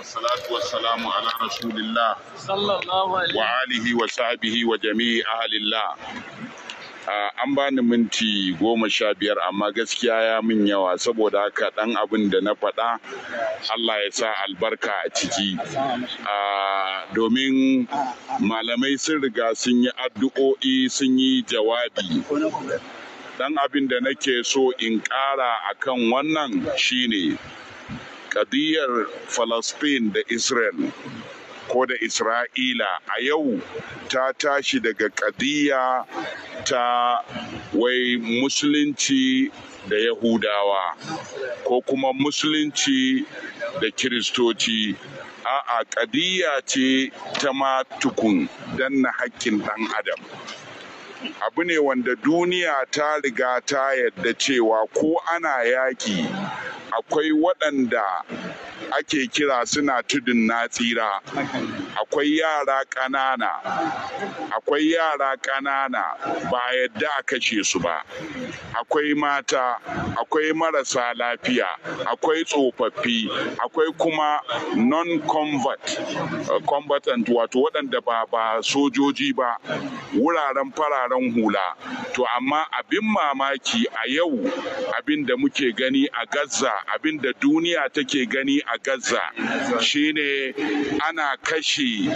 Wasalatu wasalamu على رسول wa صلى wa عليه وآله an bani minti goma sha biyar amma gaskiya ya min yawa saboda haka dan abin da na faɗa Allah ya sa albarka a ciki domin malamai sun riga sun yi addu'o'i sun yi jawabi dan abin da nake so in ƙara akan wannan shine kadiyar Falasɗin da israel ko da isra'ila a yau ta tashi daga kadiyya ta wai musulunci da yahudawa ko kuma musulunci da kiristoci a'a kadiyya ce ta ma tukun danna hakkin ɗan adam abu ne wanda duniya ta riga ta yadda cewa ko ana yaki akwai waɗanda ake kira suna tudun na tsira akwai yara ƙanana akwai yara ƙanana ba yadda a kashe su ba akwai mata akwai marasa lafiya akwai tsofaffi akwai kuma non-convert uh, combatant wato waɗanda ba ba sojoji ba wuraren fararen hula to amma abin mamaki a yau abin da muke gani a gaza abin da duniya take gani a Gaza shine ana kashe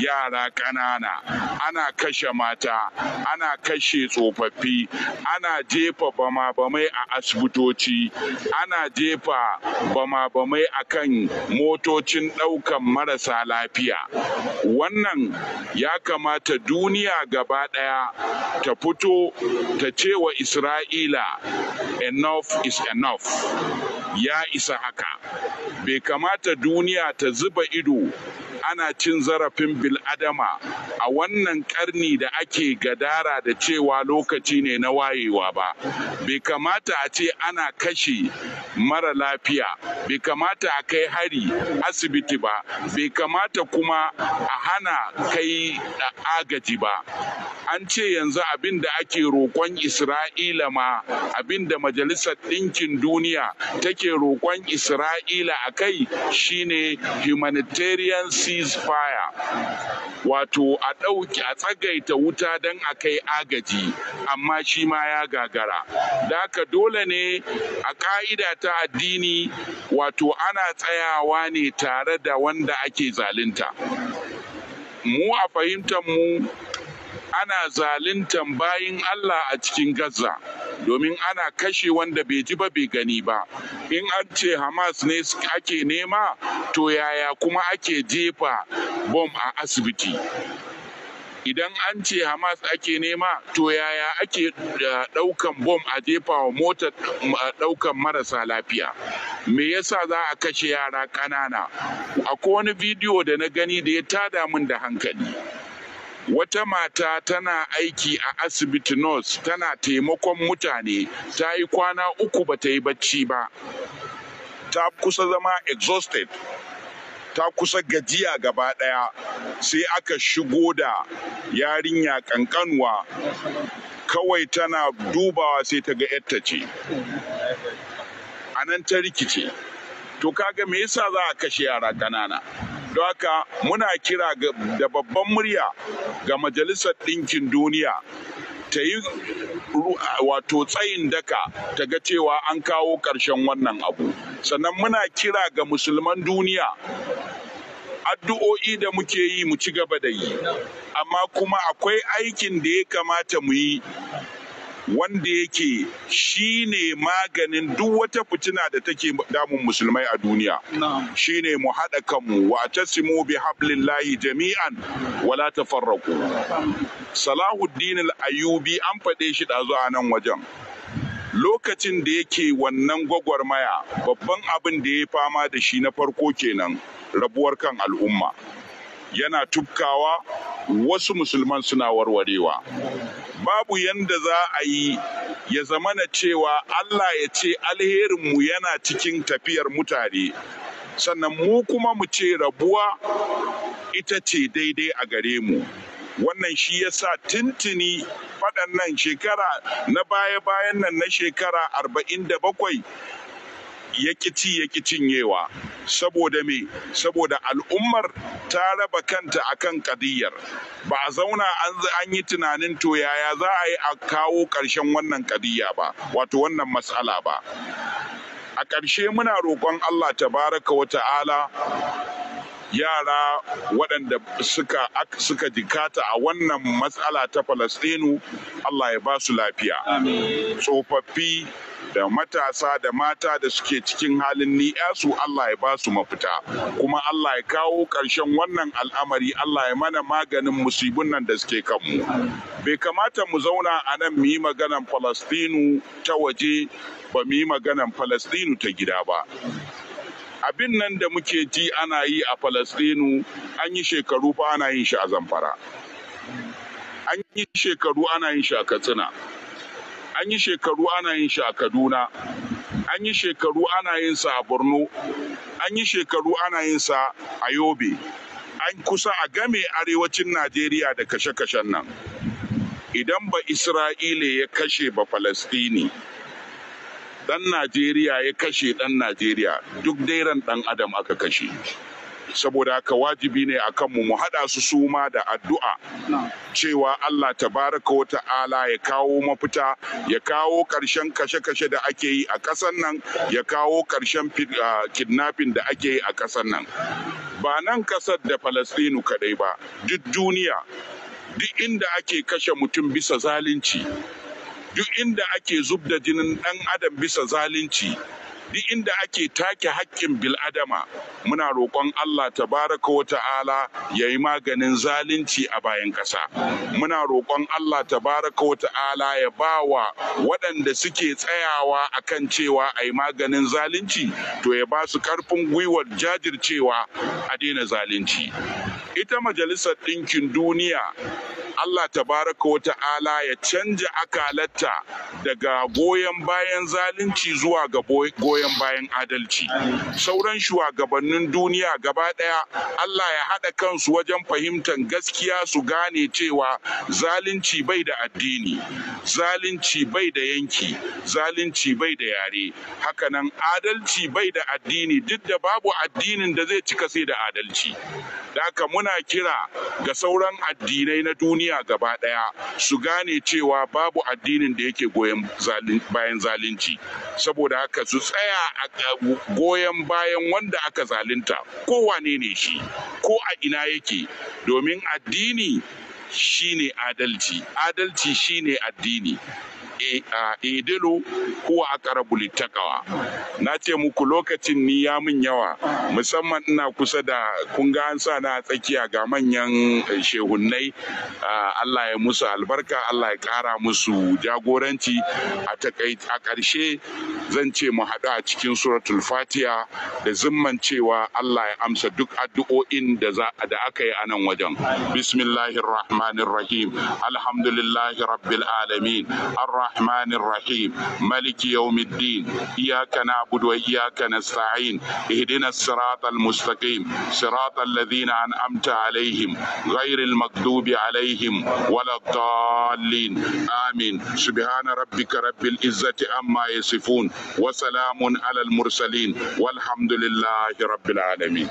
yara ƙanana, ana kashe mata, ana kashe tsofaffi, ana jefa bama-bamai a asibitoci, ana jefa bama-bamai a kan motocin ɗaukan marasa lafiya. Wannan ya kamata duniya gaba ɗaya ta fito ta ce wa Isra'ila enough is enough ya isa haka. bai kamata duniya ta zuba ido ana cin zarafin bil'adama a wannan karni da ake gadara da cewa lokaci ne na wayewa ba bai kamata a ce ana kashe mara lafiya bai kamata a kai hari asibiti ba bai kamata kuma a hana kai agaji ba an ce yanzu abin da ake roƙon isra'ila ma abin da majalisar ɗinkin duniya take roƙon isra'ila a kai shine humanitarian ceasefire wato a ɗauki a tsagaita wuta don a kai agaji amma shi ma ya gagara da haka dole ne a ka'ida ta addini wato ana tsayawa ne tare da wanda ake zalunta mu a fahimtar mu ana zaluntan bayin Allah a cikin Gaza domin ana kashe wanda bai ji ba bai gani ba in an ce Hamas ne ake nema to yaya kuma ake jefa bom a asibiti idan an ce hamas ake nema to yaya ake daukan bom a jefa wa motar daukan marasa lafiya me yasa za a kashe yara ƙanana akwai wani bidiyo da na gani da ya tada min da hankali Wata mata tana aiki a asibiti Nurse tana taimakon mutane ta yi kwana uku ba ta yi bacci ba. Ta kusa zama exhausted, ta kusa gajiya gaba ɗaya sai aka shigo da yarinya kankanwa kawai tana dubawa sai ta ga yarta ce. A nan ta rikice, to kaga me yasa za a kashe yara ƙanana? Don haka muna kira da babban murya ga Majalisar Ɗinkin Duniya ta yi wato tsayin daka ta ga cewa an kawo ƙarshen wannan abu. Sannan muna kira ga musulman duniya addu'o'i da muke yi mu ci gaba da yi, amma kuma akwai aikin da ya kamata mu yi wanda yake ne maganin duk wata fitina da take damun musulmai a duniya shi ne mu haɗa kanmu wa simu bi hablillahi jami'an wala ta farraku Salahuddin al-Ayubi an faɗe shi ɗazu a nan wajen lokacin da yake wannan gwagwarmaya babban abin da ya fama da shi na farko kenan rabuwar kan al'umma yana tubkawa wasu musulman suna warwarewa babu yanda za a yi ya zama na cewa Allah ya ce alherinmu yana cikin tafiyar mutane sannan mu kuma mu ce rabuwa ita ce daidai a gare mu wannan shi ya yasa tintini faɗannan shekara na baya-bayan nan na shekara arba'in da bakwai Yaki ci ya cinyewa saboda me saboda al'ummar ta raba kanta akan kadiyar ba a zauna an yi tunanin to yaya za a yi a kawo ƙarshen wannan kadiyya ba wato wannan matsala ba a ƙarshe muna roƙon Allah tabaraka wa ta'ala yara waɗanda suka suka jikata a wannan matsala ta Falasɗinu Allah ya ba su lafiya tsofaffi da matasa da mata da suke cikin halin ni'a su Allah ya ba su mafita kuma Allah ya kawo ƙarshen wannan al'amari Allah ya mana maganin musibin nan da suke kanmu bai kamata mu zauna a nan mu yi maganan Falastinu ta waje ba mu yi maganan Falastinu ta gida ba abin nan da muke ji ana yi a Falastinu an yi shekaru fa ana yin shi a Zamfara an yi shekaru ana yin shi a Katsina an yi shekaru ana yin shi a kaduna an yi shekaru ana yin sa a borno an yi shekaru ana yin sa a yobe an kusa a game arewacin najeriya da kashe-kashen nan idan ba isra'ila ya kashe ba falastini dan najeriya ya kashe dan najeriya duk dairan dan adam aka kashe saboda haka wajibi ne a kanmu mu haɗa su suma da addu'a cewa Allah tabaraka wa ta'ala ya kawo mafita ya kawo ƙarshen kashe-kashe da ake yi a ƙasar nan ya kawo ƙarshen ah, kidnapping da ake yi a ƙasar nan ba nan ƙasar da Falastinu kaɗai ba duk duniya duk inda ake kashe mutum bisa zalunci duk inda ake zub da jinin ɗan adam bisa zalunci duk inda ake take haƙƙin bil'adama muna roƙon Allah tabaraka wa ta'ala ya yi maganin zalunci a bayan ƙasa muna roƙon Allah tabaraka wa ta'ala ya ba wa waɗanda suke tsayawa a kan cewa a yi maganin zalunci to ya ba su ƙarfin gwiwar jajircewa a daina zalunci ita majalisar ɗinkin duniya Allah tabaraka wa ta'ala ya canja akalatta daga goyon bayan zalunci zuwa ga goyon bayan adalci sauran shugabannin duniya gaba ɗaya Allah ya haɗa kansu wajen fahimtar gaskiya su gane cewa zalunci bai da addini zalunci bai da yanki zalunci bai da yare hakanan adalci bai da addini duk da babu addinin da zai cika sai da adalci da muna kira ga sauran addinai na duniya duniya gaba ɗaya su gane cewa babu addinin da yake goyon bayan zalunci saboda haka su tsaya a goyon bayan wanda aka zalunta ko wane ne shi ko a ina yake domin addini shine adalci adalci shine addini idilu e, a aqrabu littaqwa na ce muku lokacin ni ya min yawa musamman ina kusa da kun ga an sa na tsakiya ga manyan eh, shehunnai Allah ya musu albarka Allah ya kara musu jagoranci a a ƙarshe zan ce mu haɗu a cikin suratul fatiha da zimman cewa Allah ya amsa duk addu'o'in da za, da aka yi a nan wajen bismillahir rahmanir rahim alhamdulillahi rabbil alamin الرحمن الرحيم ملك يوم الدين إياك نعبد وإياك نستعين اهدنا الصراط المستقيم صراط الذين أنعمت عليهم غير المكتوب عليهم ولا الضالين آمين سبحان ربك رب العزة عما يصفون وسلام على المرسلين والحمد لله رب العالمين